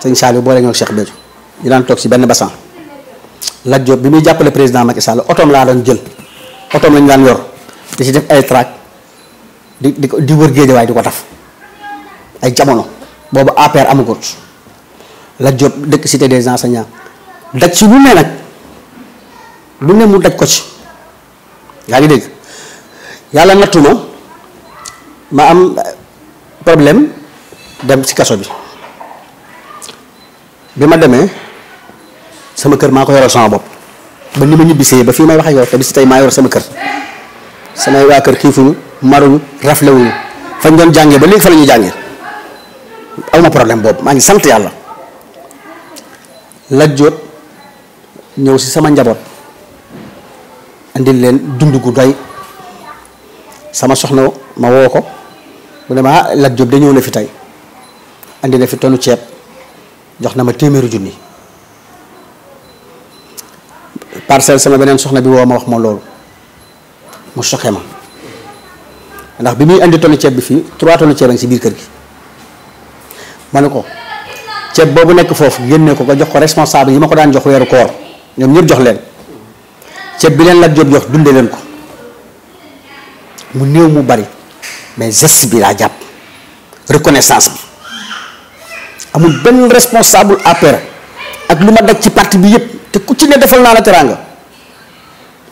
sëñ Saliou boole ñoo ak Cheikh Béthio ñu daan toog si benn bassan la Diop bi muy jàppale président Macky Sall otoom laa doon jël otoom lañu daan yor di si def ay track di ko di wër géej waaye di ko taf ay jamono booba APR amagut Lat Diop dëkk cité des enseignants daj si lu ne nag lu ne mu daj ko ci yaa ngi dégg yàlla nattu ma ma am problème dem si kaso bi bi ma demee sama kër maa ko yoral sama bopp ba ni ma ñibbisee ba fii may waxee ak yow te bis tey maa yor sama kër samay waa kër xiifuñu maruñu raflewuñu fañ doon jàngee ba léegi fa la ñuy jàngee aw ma problème boobu maa ngi sant yàlla la jot ñëw si sama njaboot andil leen dund gu doy sama soxna ma woo ko mu ne ah, Lat Diop de ñëw na fi tey andi na fi tonu ceeb jox na ma téeméeri junni parcelle sama beneen soxna bi woo ma wax ma loolu mu soxe ma ndax bi muy indi tonne ceeb bi fii trois tonnes ceeb a si biir kër gi ma ne ko ceeb boobu nekk foofu génne ko ko jox ko responsable yi ma ko daan jox weeru koor ñoom ñëpp jox leen ceeb bi leen la jóob jox dunde leen ko mu néew mu bari mais geste bi laa jàpp reconnaissance bi amul benn responsable affaire ak lu ma daj ci parti bi yëpp te ku ci ne defal naa la teraanga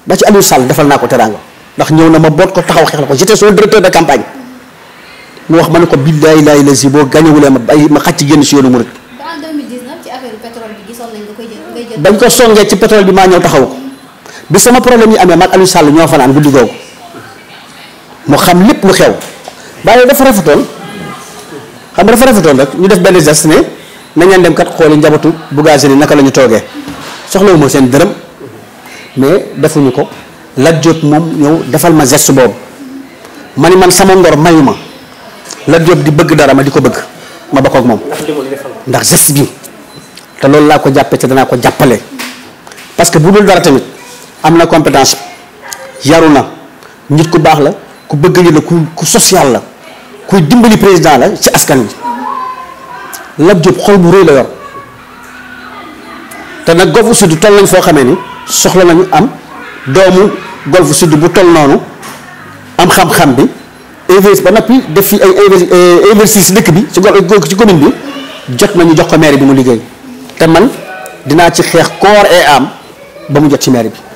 ba ci Aliou Sall defal naa ko teraanga ndax ñëw na ma boot ko taxaw xeex la ko j'étais son directeur de campagne mu wax ma ne ko billaay laay la si boo gañewulee ma bàyyi ma xàcc génn si yoonu murit bañ ko songee ci pétrole bi maa ñëw taxaw ko bi sama problème yi amee man Aliou Sall ñoo fanaan guddi googu mu xam lépp lu xew waaye dafa rafetoon. xam nga dafa rafetoon rek ñu def benn geste ne nañ leen dem kat xooli njabootu Bougazeli naka la ñu toogee soxla ma seen dërëm mais defuñu ko Lat Diop moom ñëw defal ma geste boobu ma ni man sama ngor mayu ma Lat Diop di bëgg dara ma di ko bëgg ma bokk ak moom. ndax geste bi te loolu laa ko jàppee te danaa ko jàppale. parce que bu dul dara tamit am na compétence yaru na nit ku baax la ku bëgg la ku ku social la. kuy dimbali président la ci askan bi Lat Diop xol bu rëy la yor te nag Golf Sud toll nañ foo xamee ni soxla nañu am doomu Golf Sud bu toll noonu am xam-xam bi investi ba noppi def fi ay euh, investi si dëkk bi ci ci commune bi jot nañu jox ko maire bi mu liggéey te man dinaa ci xeex corps et am ba mu jot ci maire bi